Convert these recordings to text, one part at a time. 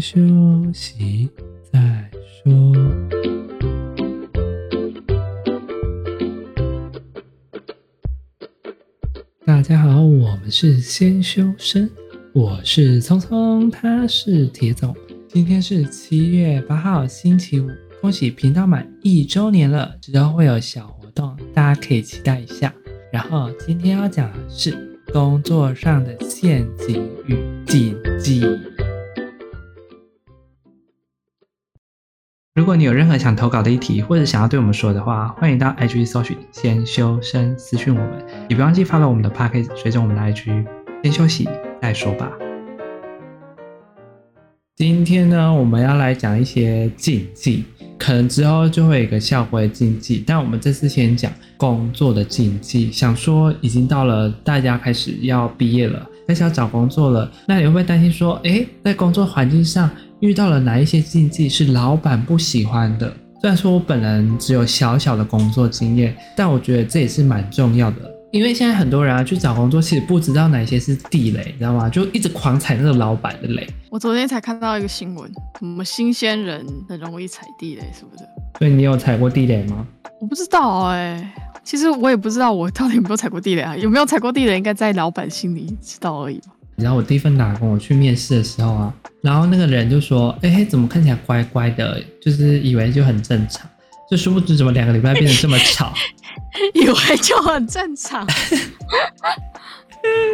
先休息再說。大家好，我們是先修生，我是聰聰，他是鐵總。今天是七月八號，星期五，恭喜頻道滿一周年了，這週會有小活動，大家可以期待一下。然後今天要講的是工作上的陷阱與禁忌。如果你有任何想投稿的議題，或者想要對我們說的話，歡迎到 IG 搜尋“先修身”私訊我們。也別忘記發到我們的 podcast 隨着我們的 IG。先休息再說吧。今天呢，我們要來講一些禁忌，可能之後就會有一個校規禁忌，但我們這次先講工作的禁忌。想說已經到了大家開始要畢業了。開始要找工作了，那你會不會擔心說，誒、欸，在工作環境上遇到了哪一些禁忌是老闆不喜歡的？雖然說我本人只有小小的工作經驗，但我覺得這也是蠻重要的，因為現在很多人啊去找工作，其實不知道哪些是地雷，你知道嗎？就一直狂踩那個老闆的雷。我昨天才看到一個新聞，什麼新鮮人很容易踩地雷，是不是？所以你有踩過地雷嗎？我不知道、欸，哎。其實我也不知道我到底有沒有踩過地雷啊？有沒有踩過地雷，應該在老板心裡知道而已。然後我第一份打工，我去面試的時候啊，然後那個人就說：“哎、欸、怎麼看起來乖乖的？就是以為就很正常，就殊不知怎麼兩個禮拜變得這麼吵， 以為就很正常。 ”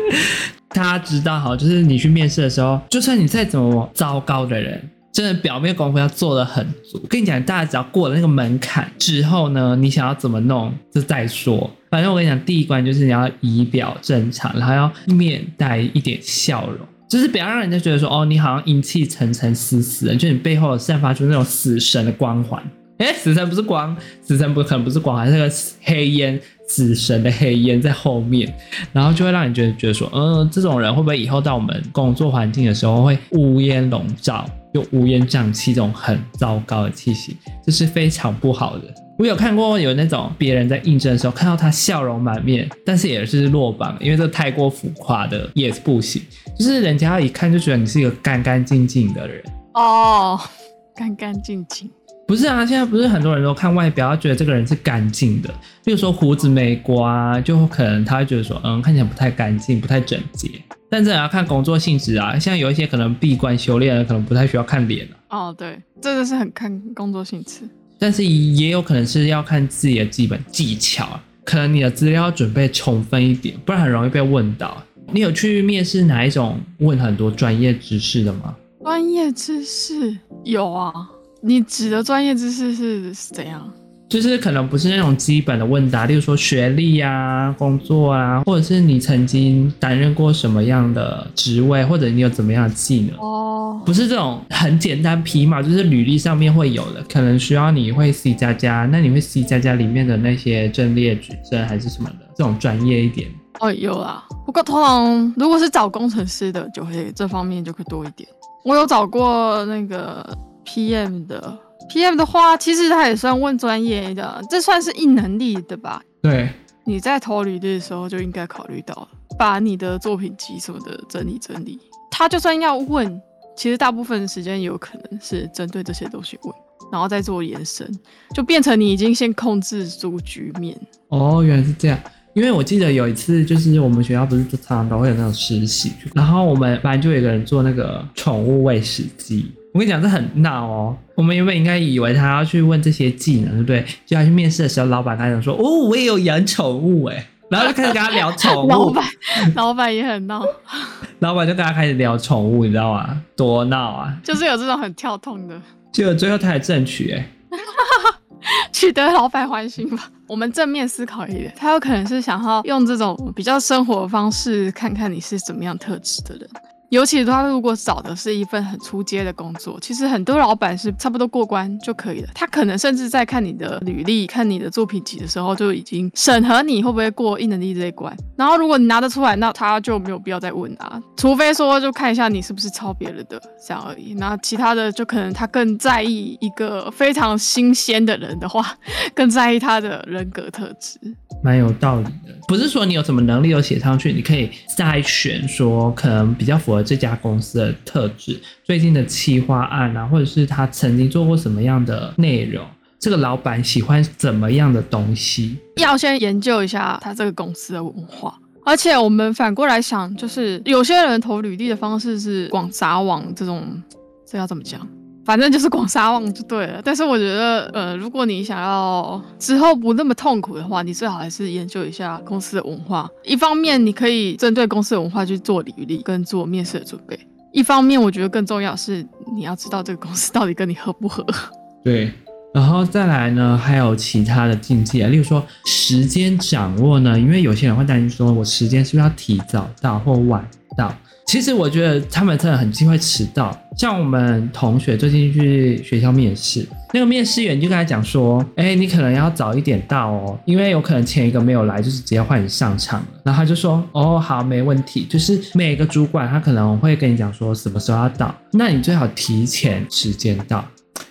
大家知道好，就是你去面試的時候，就算你再怎麼糟糕的人。真的表面功夫要做的很足。跟你講，大家只要過了那個門檻之後呢，你想要怎麼弄就再說。反正我跟你講，第一關就是你要儀表正常，然後要面帶一點笑容，就是不要讓人家覺得說，哦，你好像陰氣沉沉死死的，就你背後有散發出那種死神的光環。哎、欸，死神不是光，死神不可能不是光，還是個黑煙，死神的黑煙在後面，然後就會讓你覺得覺得說，嗯、呃，這種人會不會以後到我們工作環境的時候會烏煙籠罩？就烏煙瘴氣這種很糟糕的氣息，這是非常不好的。我有看過有那種別人在應徵的時候，看到他笑容滿面，但是也是落榜，因為這太過浮誇的也是、yes, 不行。就是人家一看就覺得你是一個乾乾淨淨的人。哦，乾乾淨淨。不是啊，現在不是很多人都看外表，覺得這個人是乾淨的，比如說鬍子沒刮，就可能他會覺得說，嗯，看起來不太乾淨，不太整潔。但這也要看工作性質啊，像有一些可能閉關修煉的，可能不太需要看臉啊，哦，對，這個是很看工作性質。但是也有可能是要看自己的基本技巧，可能你的資料要準備充分一點，不然很容易被問到。你有去面試哪一種問很多專業知識的嗎？專業知識有啊，你指的專業知識是是怎樣？就是可能不是那種基本的問答，例如說學歷啊、工作啊，或者是你曾經擔任過什麼樣的職位，或者你有怎麼樣的技能哦，oh. 不是這種很簡單皮毛，就是履歷上面會有的，可能需要你會 C 加加，那你會 C 加加裡面的那些陣列、矩陣還是什麼的，這種專業一點哦，oh, 有啊，不過通常如果是找工程師的，就會這方面就會多一點，我有找過那個 P M 的。P.M. 的話，其實他也算問專業的，這算是硬能力的吧？對。你在投履歷的時候就應該考慮到把你的作品集什麼的整理整理。他就算要問，其實大部分時間也有可能是針對這些東西問，然後再做延伸，就變成你已經先控制住局面。哦，原來是這樣。因為我記得有一次，就是我們學校不是通常，常都會有那種實習，然後我們班就有個人做那個寵物餵食機。我跟你講，這很鬧哦。我們原本應該以為他要去問這些技能，對不對？就他去面試的時候，老闆他想說：“哦，我也有養寵物哎。”然後就開始跟他聊寵物。 老闆，老闆也很鬧。 老闆就跟他開始聊寵物，你知道嗎？多鬧啊！就是有這種很跳痛的。結果最後他還爭取，哎 ，取得老闆歡心吧。我們正面思考一點，他有可能是想要用這種比較生活的方式，看看你是怎麼樣特質的人。尤其是他如果找的是一份很初階的工作，其實很多老闆是差不多過關就可以了。他可能甚至在看你的履歷、看你的作品集的時候就已經審核你會不會過硬能力這一關。然後如果你拿得出來，那他就沒有必要再問啊，除非說就看一下你是不是抄別人的，這樣而已。然後其他的就可能他更在意一個非常新鮮的人的話，更在意他的人格特質。蠻有道理的，不是說你有什麼能力都寫上去，你可以篩選說可能比較符合這家公司的特質，最近的企劃案啊，或者是他曾經做過什麼樣的內容，這個老闆喜歡怎麼樣的東西，要先研究一下他這個公司的文化。而且我們反過來想，就是有些人投履歷的方式是廣撒網這種，這要怎麼講？反正就是廣撒網就對了，但是我覺得，呃，如果你想要之後不那麼痛苦的話，你最好還是研究一下公司的文化。一方面，你可以針對公司的文化去做履歷跟做面試的準備；一方面，我覺得更重要是你要知道這個公司到底跟你合不合。對，然後再來呢，還有其他的禁忌啊，例如說時間掌握呢，因為有些人會擔心說我時間是不是要提早到或晚到。其實我覺得他們真的很忌諱遲到。像我們同學最近去學校面試，那個面試員就跟他講說：“哎、欸，你可能要早一點到哦，因為有可能前一個沒有來，就是直接換你上場。”然後他就說：“哦，好，沒問題。”就是每個主管他可能會跟你講說什麼時候要到，那你最好提前時間到。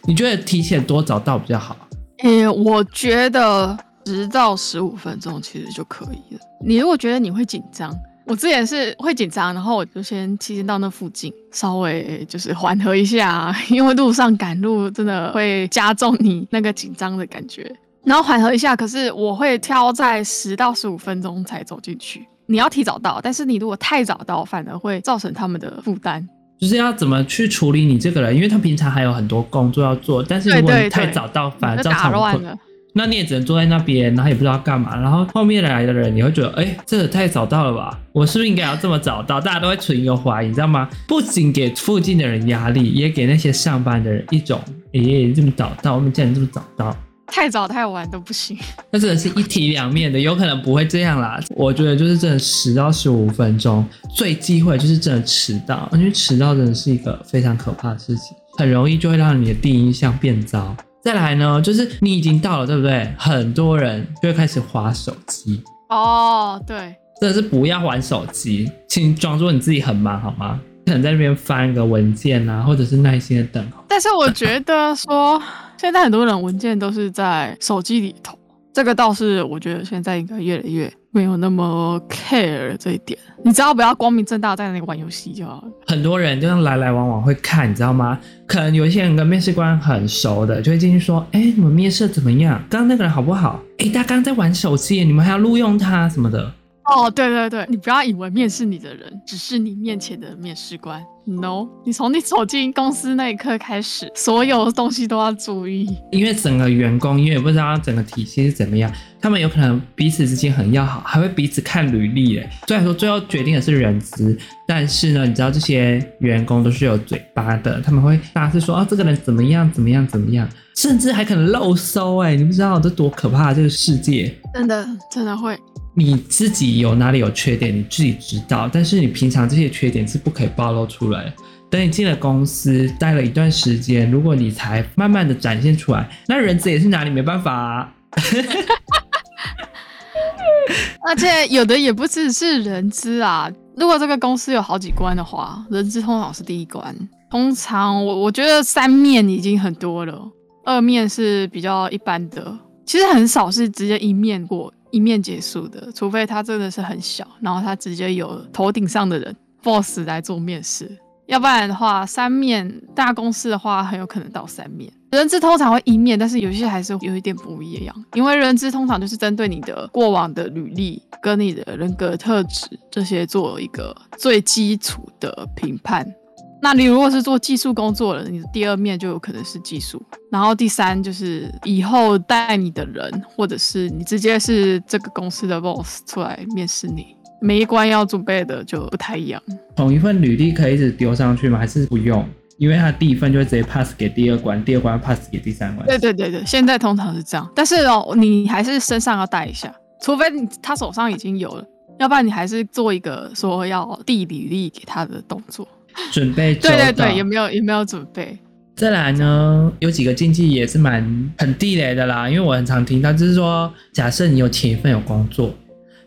你覺得提前多早到比較好？哎、欸，我覺得十到十五分鐘其實就可以了。你如果覺得你會緊張，我之前是會緊張，然後我就先提前到那附近，稍微就是緩和一下，因為路上趕路真的會加重你那個緊張的感覺。然後緩和一下，可是我會挑在十到十五分鐘才走進去。你要提早到，但是你如果太早到，反而會造成他們的負擔。就是要怎麼去處理你這個人，因為他平常還有很多工作要做，但是如果你太早到，反而打亂了。那你也只能坐在那邊，然後也不知道要幹嘛。然後後面來的人，你會覺得，哎，這也太早到了吧？我是不是應該要這麼早到？大家都會存一個懷疑，你知道嗎？不僅給附近的人壓力，也給那些上班的人一種，哎，這麼早到，外面竟然這麼早到，太早太晚都不行。那真的是一體兩面的，有可能不會這樣啦。我覺得就是真的十到十五分鐘最忌諱，就是真的遲到，因為遲到真的是一個非常可怕的事情，很容易就會讓你的第一印象變糟。再來呢，就是你已經到了，對不對？很多人就會開始划手機。哦，對，真的是不要玩手機，請裝作你自己很忙，好嗎？可能在那邊翻一個文件吶、啊，或者是耐心的等候。但是我覺得說， 現在很多人文件都是在手機裡頭，這個倒是我覺得現在應該越來越。沒有那麼 care 這一點，你知道不要光明正大在那個玩遊戲就好。很多人就是來來往往會看，你知道嗎？可能有一些人跟面試官很熟的，就會進去說：“哎，你們面試怎麼樣？剛剛那個人好不好？哎，他剛剛在玩手機，你們還要錄用他什麼的？”哦，oh，對對對，你不要以為面試你的人只是你面前的面試官。No，你從你走進公司那一刻開始，所有東西都要注意。因為整個員工，因為我不知道他整個體系是怎麼樣，他們有可能彼此之間很要好，還會彼此看履歷。哎，雖然說最後決定的是人資，但是呢，你知道這些員工都是有嘴巴的，他們會大致說啊，這個人怎麼樣，怎麼樣，怎麼樣。甚至還可能漏收哎、欸！你不知道這多可怕、啊，這個世界真的真的會。你自己有哪裡有缺點，你自己知道。但是你平常這些缺點是不可以暴露出來的。等你進了公司，待了一段時間，如果你才慢慢的展現出來，那人資也是拿你沒辦法、啊。 而且有的也不只是人資啊。如果這個公司有好幾關的話，人資通常是第一關。通常我我覺得三面已經很多了。二面是比較一般的，其實很少是直接一面過、一面結束的，除非他真的是很小，然後他直接有頭頂上的人 boss 來做面試，要不然的話，三面，大公司的話，很有可能到三面。人資通常會一面，但是有些還是有一點不一樣，因為人資通常就是針對你的過往的履歷、跟你的人格特質這些做一個最基礎的評判。那你如果是做技術工作的，你第二面就有可能是技術，然後第三就是以後帶你的人，或者是你直接是這個公司的 boss 出來面試你，每一關要準備的就不太一樣。同一份履歷可以一直丟上去嗎？還是不用？因為他第一份就會直接 pass 給第二關，第二關 pass 給第三關。對對對對，現在通常是這樣。但是哦，你還是身上要帶一下，除非你他手上已經有了，要不然你還是做一個說要遞履歷給他的動作。準備 對對對，有沒有有沒有準備。再來呢， 有幾個禁忌也是蠻很地雷的啦，因為我很常聽到，就是說，假設你有前一份有工作，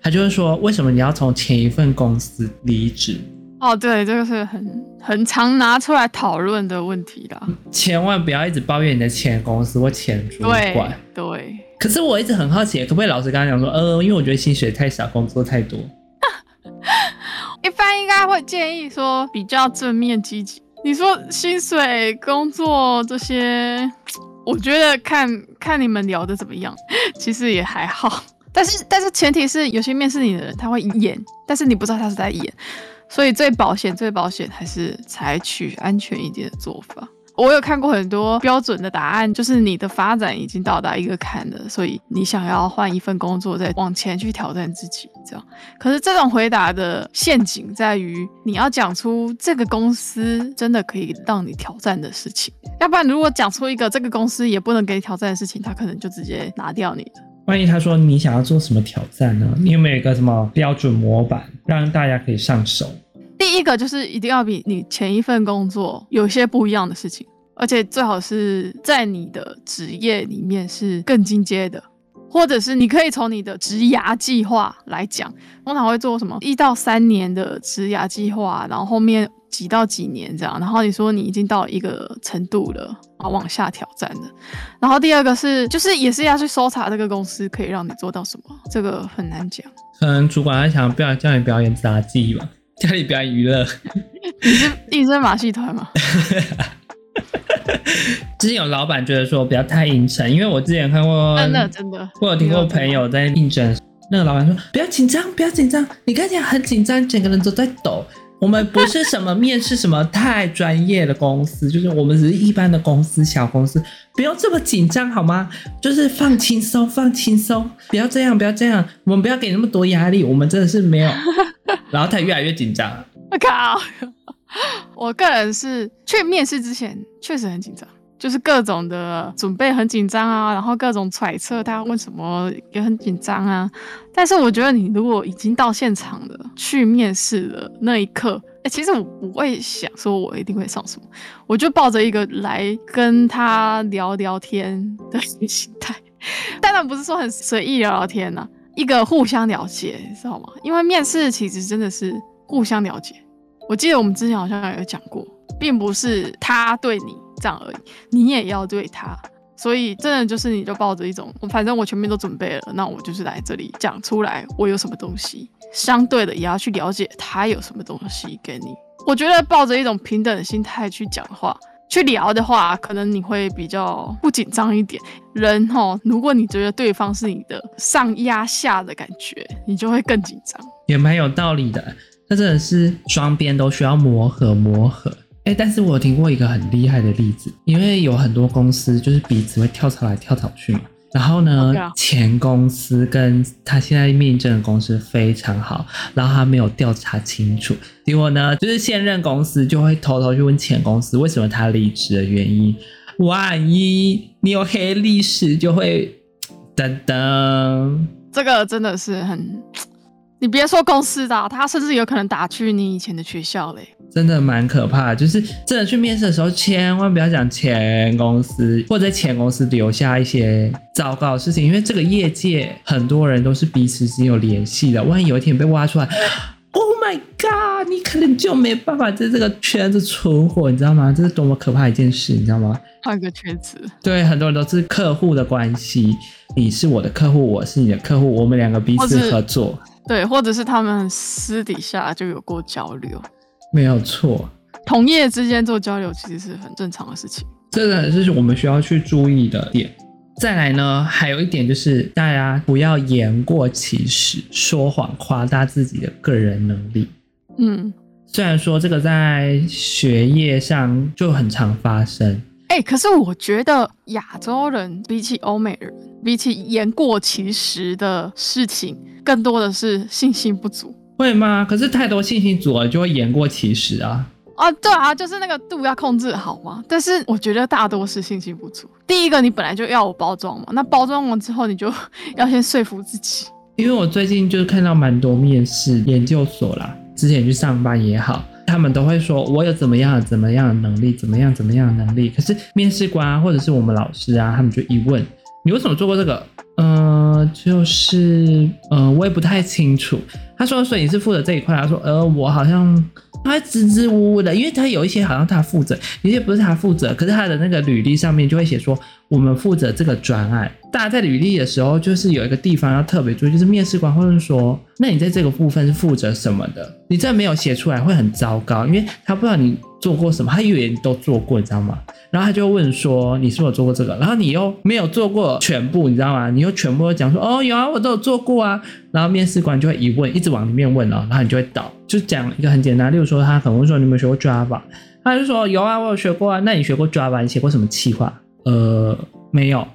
他就會說，為什麼你要從前一份公司離職？哦，對，這、就、個是很很常拿出來討論的問題啦。千萬不要一直抱怨你的前公司或前主管。對，對可是我一直很好奇，可不可以老實跟他講說，呃，因為我覺得薪水太少，工作太多。一般應該會建議說比較正面積極。你說薪水、工作這些，我覺得看看你們聊的怎麼樣，其實也還好。但是但是前提是有些面試你的人他會演，但是你不知道他是在演。所以最保險、最保險還是採取安全一點的做法。我有看過很多標準的答案，就是你的發展已經到達一個坎了，所以你想要換一份工作，再往前去挑戰自己。這樣，可是這種回答的陷阱在於，你要講出這個公司真的可以讓你挑戰的事情，要不然如果講出一個這個公司也不能給你挑戰的事情，他可能就直接拿掉你的。萬一他說你想要做什麼挑戰呢？你有沒有一個什麼標準模板，讓大家可以上手？第一個就是一定要比你前一份工作有些不一樣的事情，而且最好是在你的職業裡面是更進階的，或者是你可以從你的職涯計劃來講，通常會做什麼一到三年的職涯計劃，然後後面幾到幾年這樣，然後你說你已經到一個程度了，啊，往下挑戰的。然後第二個是，就是也是要去搜查這個公司可以讓你做到什麼，這個很難講。可能主管他想不要叫你表演雜技吧。家裡比較娛樂，你是應徵馬戲團嗎？ 之前有老闆覺得說不要太應徵，因為我之前看過，真的真的，我有聽過朋友在應徵。那個老闆說：“不要緊張，不要緊張，你看你很緊張，整個人都在抖。我們不是什麼面試什麼太專業的公司， 就是我們只是一般的公司，小公司，不要這麼緊張好嗎？就是放輕鬆，放輕鬆，不要這樣，不要這樣，我們不要給那麼多壓力，我們真的是沒有。 ”然後他也越來越緊張。我靠！我個人是去面試之前確實很緊張，就是各種的準備很緊張啊，然後各種揣測他問什麼也很緊張啊。但是我覺得你如果已經到現場了，去面試了那一刻，哎、欸，其實我不會想說我一定會上什麼，我就抱着一個來跟他聊聊天的心態，但那不是說很隨意聊聊天吶、啊。一個互相了解，你知道嗎？因為面試其實真的是互相了解。我記得我們之前好像有講過，並不是他對你這樣而已，你也要對他。所以真的就是你就抱着一種，反正我前面都準備了，那我就是來這裡講出來，我有什麼東西。相對的，也要去了解他有什麼東西給你。我覺得抱着一種平等的心態去講話。去聊的話，可能你會比較不緊張一點。人吼，如果你覺得對方是你的上壓下的感覺，你就會更緊張，也蠻有道理的。那真的是雙邊都需要磨合，磨合。欸，但是我聽過一個很厲害的例子，因為有很多公司就是彼此會跳槽來跳槽去嘛。然後呢，okay. 前公司跟他現在面試的公司非常好，然後他沒有調查清楚，結果呢，就是現任公司就會偷偷去問前公司為什麼他離職的原因，萬一你有黑歷史，就會噔噔，這個真的是很。你別說公司的啊，他甚至有可能打去你以前的學校嘞，真的蠻可怕。就是真的去面試的時候，千萬不要講前公司或者在前公司留下一些糟糕的事情，因為這個業界很多人都是彼此之間有聯繫的。萬一有一天被挖出來，Oh my God，你可能就沒辦法在這個圈子存活，你知道嗎？這是多麼可怕一件事，你知道嗎？換個圈子，對，很多人都是客戶的關係，你是我的客戶，我是你的客戶，我們兩個彼此合作。對，或者是他們私底下就有過交流，沒有錯。同業之間做交流，其實是很正常的事情。這個是我們需要去注意的點。再來呢，還有一點就是大家不要言過其實，說謊誇大自己的個人能力。嗯，雖然說這個在學業上就很常發生。哎、欸，可是我覺得亞洲人比起歐美人，比起言過其實的事情，更多的是信心不足，會嗎？可是太多信心足了就會言過其實啊！啊，對啊，就是那個度要控制好嘛。但是我覺得大多是信心不足。第一個，你本來就要我包裝嘛，那包裝完之後，你就 要先說服自己。因為我最近就是看到蠻多面試研究所啦，之前去上班也好。他們都會說，我有怎麼樣、怎麼樣的能力，怎麼樣、怎麼樣的能力。可是面試官啊，或者是我們老師啊，他們就一問，你為什麼做過這個？嗯、呃，就是，呃，我也不太清楚。他說，所以你是負責這一塊。他說，呃，我好像。他支支吾吾的，因為他有一些好像他負責，有些不是他負責，可是他的那個履歷上面就會寫說我們負責這個專案。大家在履歷的時候，就是有一個地方要特別注意，就是面試官會問說，那你在這個部分是負責什麼的？你這沒有寫出來會很糟糕，因為他不知道你。做過什麼？他以為你都做過，你知道嗎？然後他就問說：“你是不是有做過這個？”然後你又沒有做過全部，你知道嗎？你又全部都講說：“哦，有啊，我都有做過啊。”然後面試官就會一問，一直往裡面問哦，然後你就會倒，就講一個很簡單，例如說他可能會說：“你有沒有學過 Java？” 他就說：“有啊，我有學過啊。”那你學過 Java？你學過什麼企劃？呃，沒有。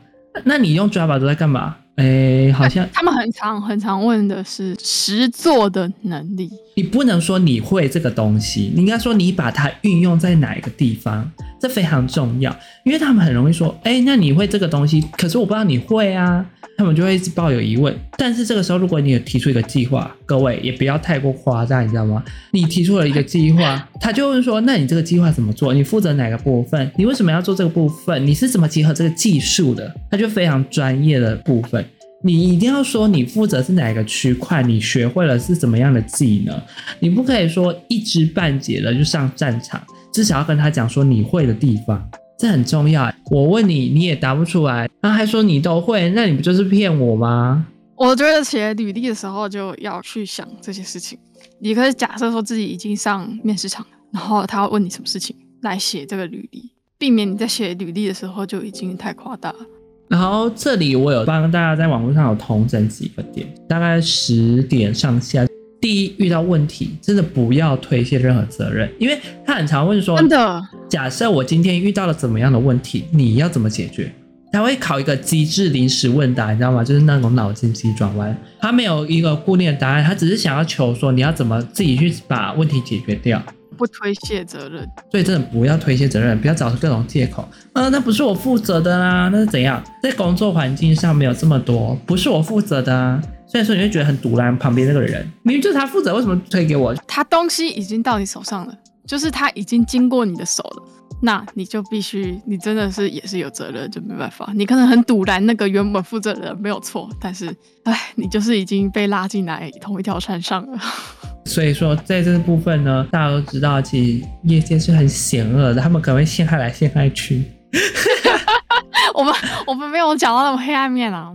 那你用 Java 都在幹嘛？哎、欸，好像他們很常很常問的是實作的能力。你不能說你會這個東西，你應該說你把它運用在哪一個地方。這非常重要，因為他們很容易說：“哎，那你會這個東西？”可是我不知道你會啊，他們就會一直抱有疑問。但是這個時候，如果你有提出一個計劃，各位也不要太過誇張，你知道嗎？你提出了一個計劃，他就問說：“那你這個計劃怎麼做？你負責哪個部分？你為什麼要做這個部分？你是怎麼結合這個技術的？”他就非常專業的部分，你一定要說你負責是哪個區塊，你學會了是怎麼樣的技能，你不可以說一知半解的就上戰場。至少要跟他講說你會的地方，這很重要欸。我問你，你也答不出來，然後還說你都會，那你不就是騙我嗎？我覺得寫履歷的時候就要去想這些事情。你可以假設說自己已經上面試場，然後他會問你什麼事情來寫這個履歷，避免你在寫履歷的時候就已經太誇大。然後這裡我有幫大家在網絡上有統整幾個點，大概十點上下。第一，遇到問題真的不要推卸任何責任，因為他很常問說，真的，假設我今天遇到了怎麼樣的問題，你要怎麼解決？他會考一個機智臨時問答，你知道嗎？就是那種腦筋急轉彎，他沒有一個固定的答案，他只是想要求說你要怎麼自己去把問題解決掉。不推卸責任，所以真的不要推卸責任，不要找各種借口。嗯，那不是我負責的啦、啊，那是怎樣？在工作環境上沒有這麼多，不是我負責的、啊。所以說，你會覺得很賭爛，旁邊那個人明明就是他負責，為什麼不推給我？他東西已經到你手上了，就是他已經經過你的手了，那你就必須，你真的是也是有責任，就沒辦法。你可能很賭爛，那個原本負責的人沒有錯，但是，哎，你就是已經被拉進來同一條船上了。 所以說，在這個部分呢，大家都知道，其實業界是很險惡的，他們可能會陷害來陷害去。 我們我們沒有講到那麼黑暗面啊。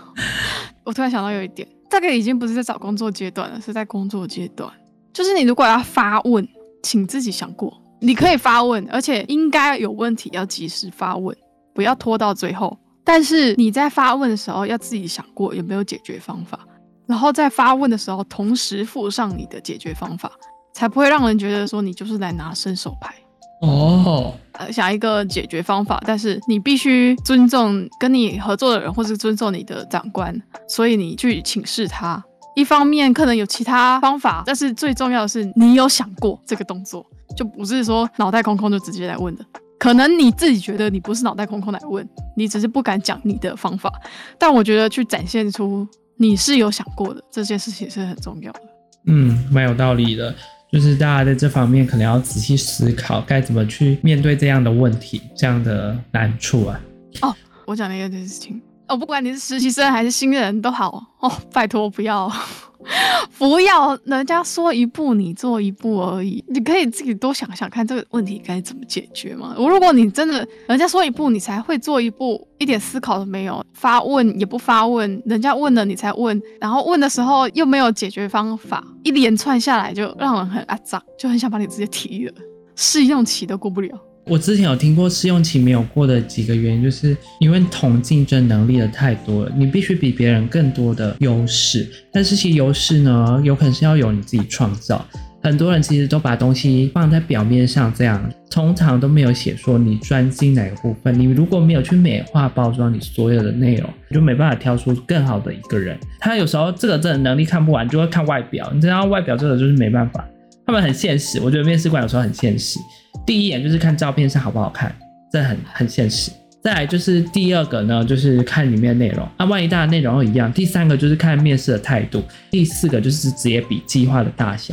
我突然想到有一點，這個已經不是在找工作階段了，是在工作階段。就是你如果要發問，請自己想過，你可以發問，而且應該有問題要及時發問，不要拖到最後。但是你在發問的時候，要自己想過有沒有解決方法。然後在發問的時候，同時附上你的解決方法，才不會讓人覺得說你就是來拿伸手牌。哦、oh.，呃，想一個解決方法，但是你必須尊重跟你合作的人，或是尊重你的長官，所以你去請示他。一方面可能有其他方法，但是最重要的是你有想過這個動作，就不是說腦袋空空就直接來問的。可能你自己覺得你不是腦袋空空來問，你只是不敢講你的方法。但我覺得去展現出你是有想過的。這件事情是很重要的。嗯，蠻有道理的，就是大家在這方面可能要仔細思考，該怎麼去面對這樣的問題，這樣的難處啊。哦，我講的一件事情，哦，不管你是實習生還是新人都好，哦，拜託不要。 不要，人家說一步你做一步而已。你可以自己多想想看這個問題該怎麼解決嗎？我如果你真的，人家說一步你才會做一步，一點思考都沒有，發問也不發問，人家問了你才問，然後問的時候又沒有解決方法，一連串下來就讓人很阿、啊、雜，就很想把你直接踢了。試用期都過不了。我之前有聽過試用期沒有過的幾個原因，就是因為同競爭能力的太多了，你必須比別人更多的優勢。但是其實優勢呢，有可能是要由你自己創造。很多人其實都把東西放在表面上，這樣通常都沒有寫說你專心哪個部分。你如果沒有去美化包裝你所有的內容，你就沒辦法挑出更好的一個人。他有時候這個真的能力看不完，就會看外表。你知道外表真的就是沒辦法。他們很現實，我覺得面試官有時候很現實。第一眼就是看照片上好不好看，這很很現實。再來就是第二個呢，就是看裡面的內容。那、啊、萬一大家內容都一樣，第三個就是看面試的態度。第四個就是職業比計劃的大小。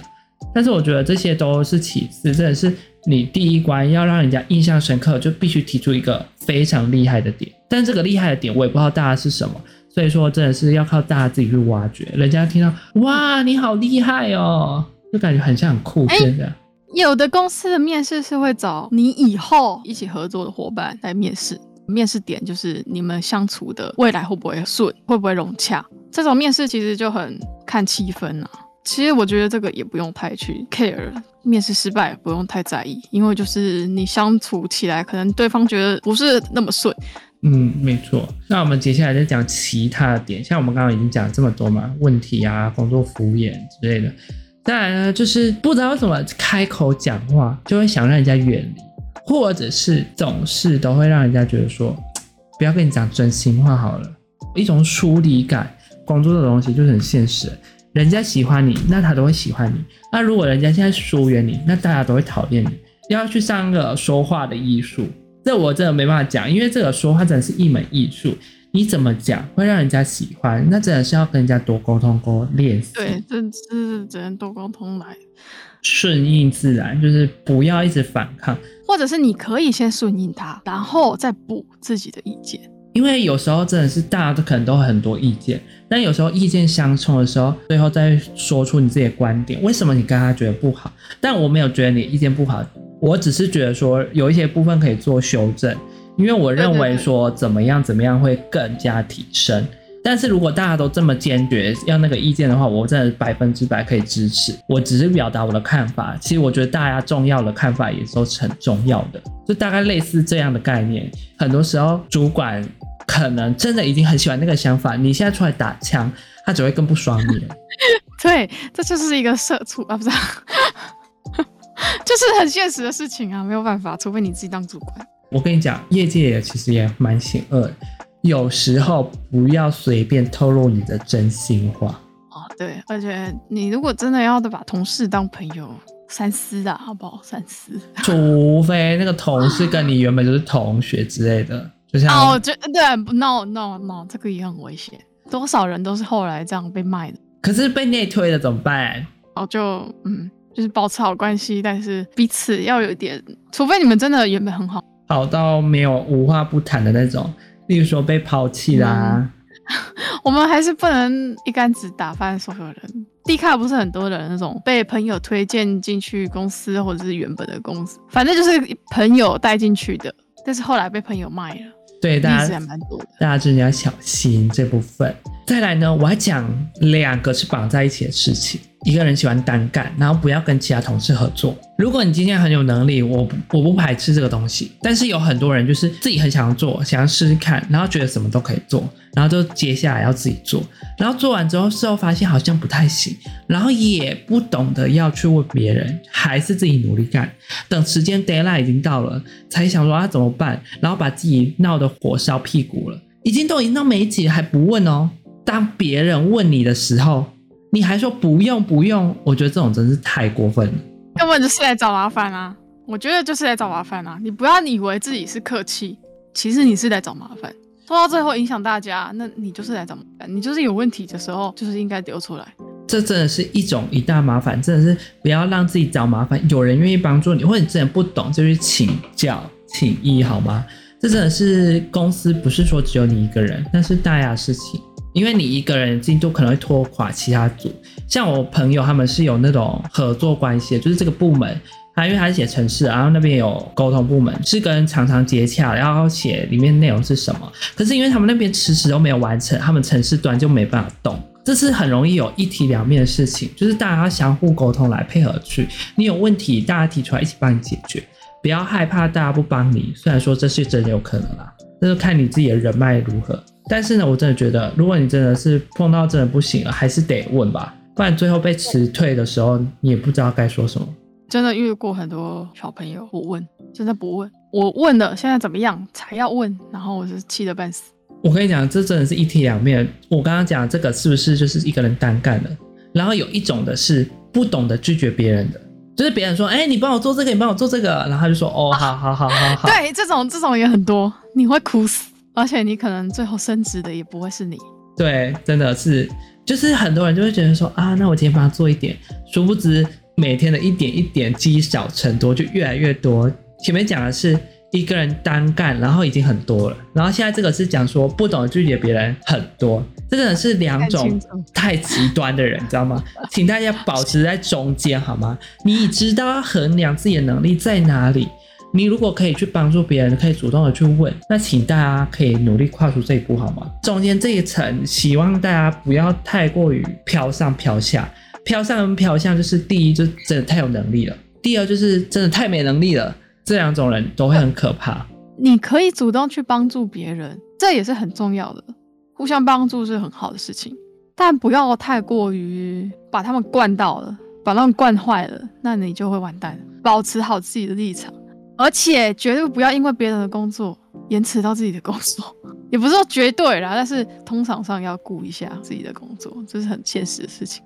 但是我覺得這些都是其次，真的是你第一關要讓人家印象深刻，就必須提出一個非常厲害的點。但這個厲害的點，我也不知道大家是什麼，所以說真的是要靠大家自己去挖掘。人家聽到哇，你好厲害哦，就感覺很像很酷，真的。欸有的公司的面試是會找你以後一起合作的夥伴來面試，面試點就是你們相處的未來會不會順，會不會融洽。這種面試其實就很看氣氛啊。其實我覺得這個也不用太去 care，面試失敗不用太在意，因為就是你相處起來可能對方覺得不是那麼順。嗯，沒錯。那我們接下來再講其他的點，像我們剛剛已經講了這麼多嘛，問題啊、工作敷衍之類的。當然呢，就是不知道為什麼開口講話，就會想讓人家遠離，或者是總是都會讓人家覺得說，不要跟你講真心話好了，一種疏離感。工作的東西就是很現實，人家喜歡你，那他都會喜歡你；那如果人家現在疏遠你，那大家都會討厭你。要去上個說話的藝術，這我真的沒辦法講，因為這個說話真的是一門藝術。你怎麼講會讓人家喜歡？那真的是要跟人家多溝通溝、多練習。對，這這是只能多溝通來。順應自然，就是不要一直反抗，或者是你可以先順應它，然後再補自己的意見。因為有時候真的是大家都可能都很多意見，但有時候意見相衝的時候，最後再說出你自己的觀點。為什麼你跟他覺得不好？但我沒有覺得你意見不好，我只是覺得說有一些部分可以做修正。因為我認為說怎麼樣怎麼樣會更加提升，對對對，但是如果大家都這麼堅決要那個意見的話，我真的百分之百可以支持。我只是表達我的看法，其實我覺得大家重要的看法也都是很重要的，就大概類似這樣的概念。很多時候主管可能真的已經很喜歡那個想法，你現在出來打槍，他只會更不爽你。 對，這就是一個社畜啊，不是、啊， 就是很現實的事情啊，沒有辦法，除非你自己當主管。我跟你講，業界也其實也蠻險惡的，有時候不要隨便透露你的真心話。哦、啊，對，而且你如果真的要把同事當朋友，三思的、啊，好不好？三思。除非那個同事跟你原本就是同學之類的，啊、就像哦、oh,，對，no no no，這個也很危險。多少人都是後來這樣被賣的。可是被內推了怎麼辦？哦，就嗯，就是保持好關係，但是彼此要有一點，除非你們真的原本很好。好到沒有無話不談的那種，例如說被拋棄啦。嗯、 我們還是不能一竿子打翻所有人。Dcard 不是很多人那種被朋友推薦進去公司，或者是原本的公司，反正就是朋友帶進去的，但是後來被朋友賣了。對，大家，還蠻多的，大家真的要小心這部分。再來呢，我還講兩個是綁在一起的事情。一個人喜歡單幹，然後不要跟其他同事合作。如果你今天很有能力，我我不排斥這個東西。但是有很多人就是自己很想做，想要試試看，然後覺得什麼都可以做，然後就接下來要自己做，然後做完之後事後發現好像不太行，然後也不懂得要去問別人，還是自己努力幹。等時間 deadline 已經到了，才想說他、啊、怎麼辦，然後把自己鬧得火燒屁股了，已經都已經到沒幾，還不問哦。當別人問你的時候，你還說不用不用，我覺得這種真是太過分了，根本就是來找麻煩啊！我覺得就是來找麻煩啊！你不要你以為自己是客氣，其實你是來找麻煩。說到最後影響大家，那你就是來找麻煩，你就是有問題的時候就是應該丟出來。這真的是一種一大麻煩，真的是不要讓自己找麻煩。有人願意幫助你，或者你真的不懂就去請教，請益好嗎？這真的是公司不是說只有你一個人，那是大家的事情。因為你一個人進度可能會拖垮其他組，像我朋友他們是有那種合作關係，就是這個部門，他因為他是寫程式，然後那邊有溝通部門是跟常常接洽，然後寫裡面內容是什麼。可是因為他們那邊遲遲都沒有完成，他們程式端就沒辦法動，這是很容易有一體兩面的事情，就是大家要相互溝通來配合去。你有問題，大家提出來一起幫你解決，不要害怕大家不幫你，雖然說這是真有可能啦，那就看你自己的人脈如何。但是呢，我真的覺得，如果你真的是碰到真的不行了，還是得問吧，不然最後被辭退的時候，你也不知道該說什麼。真的遇過很多小朋友，我問，真的不問，我問了，現在怎麼樣才要問，然後我就氣得半死。我跟你講，這真的是一體兩面。我剛剛講這個是不是就是一個人單幹的。然後有一種的是不懂得拒絕別人的，就是別人說，哎、欸，你幫我做這個，你幫我做這個，然後他就說，哦，好好好好好。啊、對，這種這種也很多，你會哭死。而且你可能最後升職的也不會是你，對，真的是，就是很多人就會覺得說，啊，那我今天幫他做一點，殊不知每天的一點一點積少成多，就越來越多。前面講的是一個人單幹，然後已經很多了，然後現在這個是講說不懂拒絕別人很多，這個人是兩種太極端的人，知道嗎？ 請大家保持在中間好嗎？你知道衡量自己的能力在哪裡？你如果可以去幫助別人，可以主動的去問，那請大家可以努力跨出這一步好嗎？中間這一層，希望大家不要太過於飄上飄下，飄上飄下就是第一，就真的太有能力了；第二就是真的太沒能力了，這兩種人都會很可怕。你可以主動去幫助別人，這也是很重要的，互相幫助是很好的事情，但不要太過於把他們慣到了，把他們慣壞了，那你就會完蛋了。保持好自己的立場。而且絕對不要因為別人的工作延遲到自己的工作，也不是說絕對啦，但是通常上要顧一下自己的工作，這、就是很現實的事情。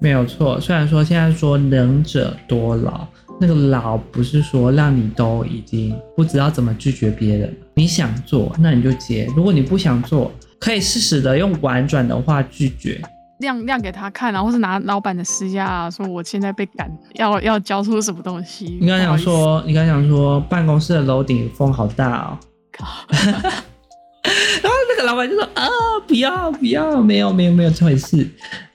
沒有錯，雖然說現在說能者多勞，那個勞不是說讓你都已經不知道怎麼拒絕別人，你想做那你就接，如果你不想做，可以適時的用婉轉的話拒絕。亮亮給他看、啊，然後是拿老闆的施壓、啊，說我現在被趕，要要交出什麼東西。你剛想說，你剛想說，辦公室的樓頂風好大哦， 然後那個老闆就說啊、哦，不要不要，沒有沒有沒有這回事，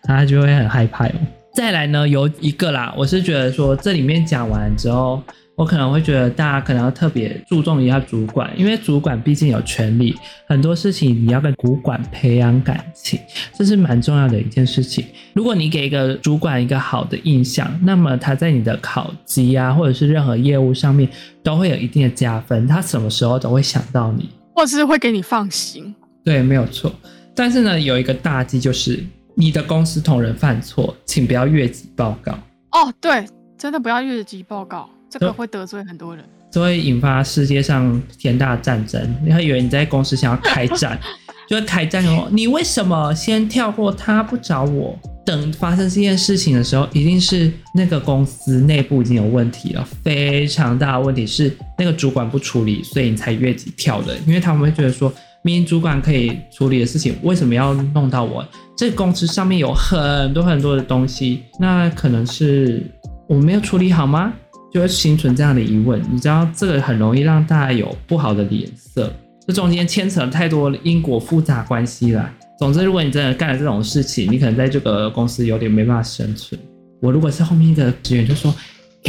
他就會很害怕哦。再來呢，有一個啦，我是覺得說這裡面講完之後。我可能會覺得大家可能要特別注重一下主管，因為主管畢竟有權力。很多事情你要跟主管培養感情，這是蠻重要的一件事情。如果你給一個主管一個好的印象，那麼他在你的考績啊，或者是任何業務上面都會有一定的加分。他什麼時候都會想到你，或者是會給你放行。對，沒有錯。但是呢，有一個大忌就是你的公司同仁犯錯，請不要越級報告。哦，對，真的不要越級報告。這個會得罪很多人，都會引發世界上天大的戰爭。你還以為你在公司想要開戰， 就會開戰哦？你為什麼先跳過他不找我？等發生這件事情的時候，一定是那個公司內部已經有問題了，非常大的問題。是那個主管不處理，所以你才越級跳的。因為他們會覺得說，明明主管可以處理的事情，為什麼要弄到我？這公司上面有很多很多的東西，那可能是我沒有處理好嗎？就會形成這樣的疑問，你知道這個很容易讓大家有不好的臉色。這中間牽扯了太多因果複雜關係了。總之，如果你真的幹了這種事情，你可能在這個公司有點沒辦法生存。我如果是後面一個職員，就說：“誒、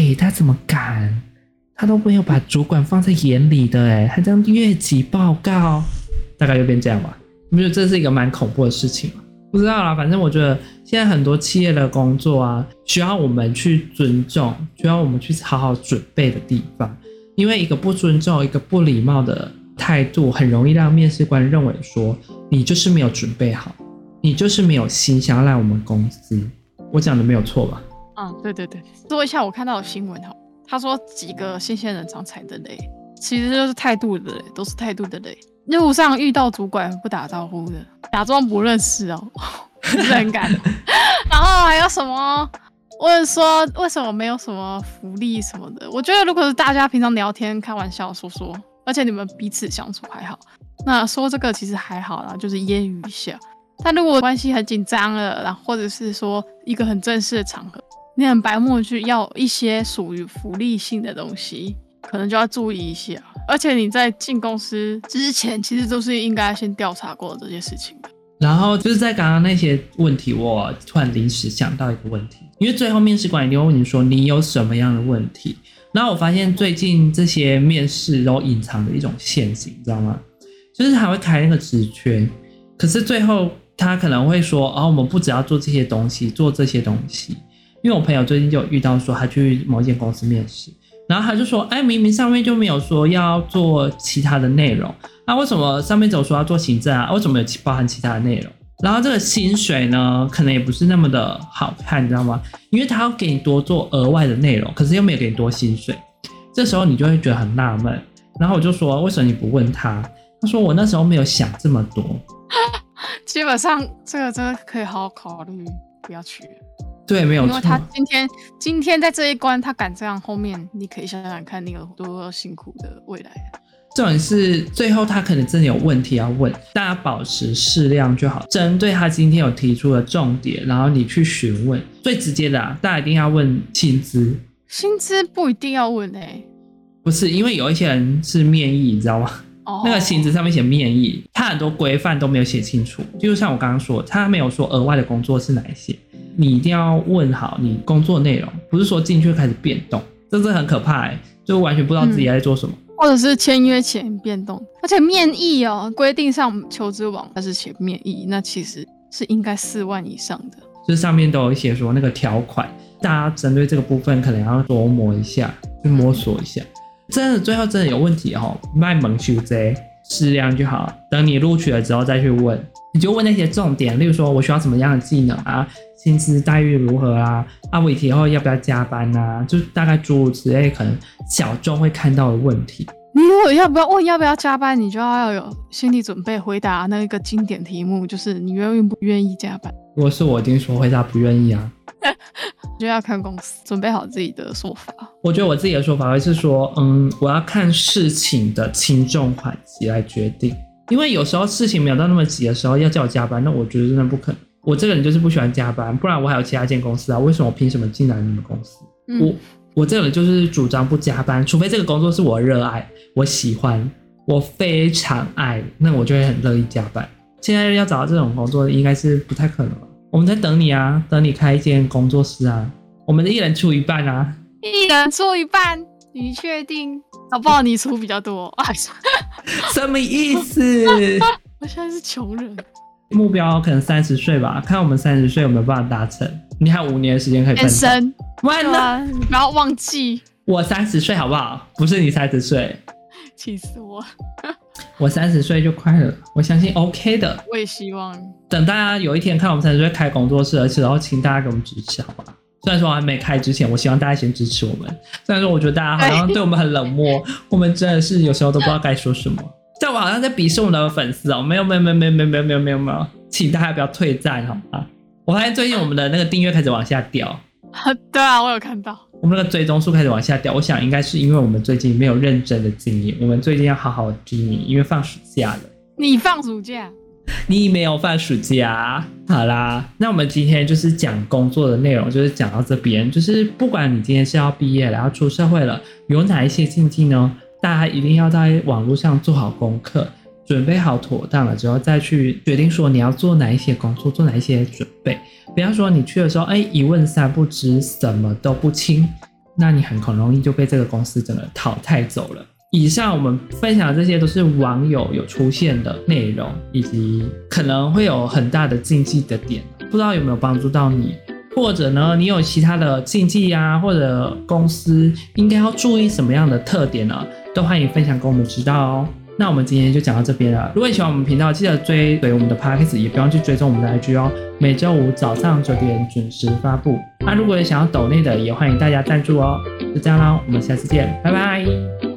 欸，他怎麼敢？他都沒有把主管放在眼裡的、欸，誒，他這樣越級報告，大概就變這樣吧。”沒有，這是一個蠻恐怖的事情嗎？不知道啦，反正我覺得現在很多企業的工作啊，需要我們去尊重，需要我們去好好準備的地方。因為一個不尊重、一個不禮貌的態度，很容易讓面試官認為說你就是沒有準備好，你就是沒有心想要來我們公司。我講的沒有錯吧？啊、嗯，對對對，說一下我看到的新聞哈，他說幾個新鮮人常踩的雷，其實就是態度的雷，都是態度的雷。路上遇到主管不打招呼的，假裝不認識哦，這是很敢。 然後還有什麼？問說為什麼沒有什麼福利什麼的？我覺得如果是大家平常聊天開玩笑說說，而且你們彼此相處還好，那說這個其實還好啦，就是揶揄一下。但如果關係很緊張了，然後或者是說一個很正式的場合，你很白目去要一些屬於福利性的東西。可能就要注意一下，而且你在進公司之前，其實都是應該先調查過的這些事情的。然後就是在剛剛那些問題，我突然臨時想到一個問題，因為最後面試官一定會問你說你有什麼樣的問題。然後我發現最近這些面試都隱藏着一種陷阱，你知道嗎？就是他會開那個職缺。可是最後他可能會說，哦，我們不只要做這些東西，做這些東西。因為我朋友最近就遇到說，他去某一間公司面試。然後他就說：“哎，明明上面就沒有說要做其他的內容，那、啊、為什麼上面只有說要做行政啊？啊為什麼有包含其他的內容？然後這個薪水呢，可能也不是那麼的好看，你知道嗎？因為他要給你多做額外的內容，可是又沒有給你多薪水。這時候你就會覺得很納悶。然後我就說：為什麼你不問他？他說，我那時候沒有想這麼多。基本上這個真的可以好好考慮，不要去。”對，沒有錯。因為他今天今天在這一關他敢這樣，後面你可以想想看你有多，多辛苦的未來，啊。重點是最後他可能真的有問題要問，大家保持適量就好。針對他今天有提出的重點，然後你去詢問最直接的、啊，大家一定要問薪資。薪資不一定要問，誒、欸，不是因為有一些人是面議，你知道嗎？Oh. 那個薪資上面寫面議，他很多規範都沒有寫清楚。就是、像我剛剛說，他沒有說額外的工作是哪一些。你一定要問好你工作內容，不是說進去就開始變動，這是很可怕、欸，就完全不知道自己在做什麼，嗯、或者是簽約前變動，而且面議哦，規定上求職網它是寫面議，那其實是應該四萬以上的，這、就是、上面都有寫說那個條款，大家針對這個部分可能要琢磨一下，去摸索一下，真的最後真的有問題哦、喔，賣萌求責適量就好，等你錄取了之後再去問。你就問那些重點，例如說我需要什麼樣的技能啊，薪資待遇如何啊，啊，回去以後要不要加班啊，就大概諸如此類可能小眾會看到的問題。你如果要不要問要不要加班，你就要有心理準備回答那個經典題目，就是你願不願意加班？如果是我，我一定說回答不願意啊。 就要看公司準備好自己的說法。我覺得我自己的說法會是說，嗯，我要看事情的輕重緩急來決定。因為有時候事情沒有到那麼急的時候要叫我加班，那我覺得真的不可能。我這個人就是不喜歡加班，不然我還有其他一間公司啊。為什麼我憑什麼進來你們公司？嗯、我我這個人就是主張不加班，除非這個工作是我熱愛、我喜歡、我非常愛，那我就會很樂意加班。現在要找到這種工作應該是不太可能了。我們在等你啊，等你開一間工作室啊，我們的一人出一半啊，一人出一半，你確定？好不好？你出比較多，哦 什麼意思？我現在是窮人，目標可能三十歲吧，看我們三十歲有沒有辦法達成。你還有五年時間可以翻身，完了，你不要忘記，我三十歲好不好？不是你三十歲，氣死我！ 我三十歲就快了，我相信 OK 的。我也希望等大家有一天看我們三十歲開工作室，而且然後請大家給我們支持好不好？雖然說我還沒開之前，我希望大家先支持我們。雖然說我覺得大家好像對我們很冷漠，我們真的是有時候都不知道該說什麼。 但我好像在鄙視我們的粉絲哦、喔！沒有沒有沒有沒有沒有沒有沒有沒有，請大家不要退讚好嗎？我發現最近我們的那個訂閱開始往下掉、啊。對啊，我有看到，我們的追蹤數開始往下掉。我想應該是因為我們最近沒有認真的經營，我們最近要好好經營，因為放暑假了。你放暑假？你沒有放暑假，好啦，那我們今天就是講工作的內容，就是講到這邊，就是不管你今天是要畢業了，要出社會了，有哪一些禁忌呢？大家一定要在網絡上做好功課，準備好妥當了，之後再去決定說你要做哪一些工作，做哪一些準備。不要說你去的時候，哎、欸，一問三不知，什麼都不清，那你很很容易就被這個公司整個淘汰走了。以上我們分享的這些都是網友有出現的內容，以及可能會有很大的禁忌的點，不知道有沒有幫助到你？或者呢，你有其他的禁忌啊，或者公司應該要注意什麼樣的特點呢、啊？都歡迎分享給我們知道哦。那我們今天就講到這邊了。如果喜歡我們頻道，記得追追我們的 Podcast 也不要去追蹤我們的 IG 哦。每周五早上九點準時發布。那如果有想要抖內的，也歡迎大家贊助哦。就這樣啦，我們下次見，拜拜。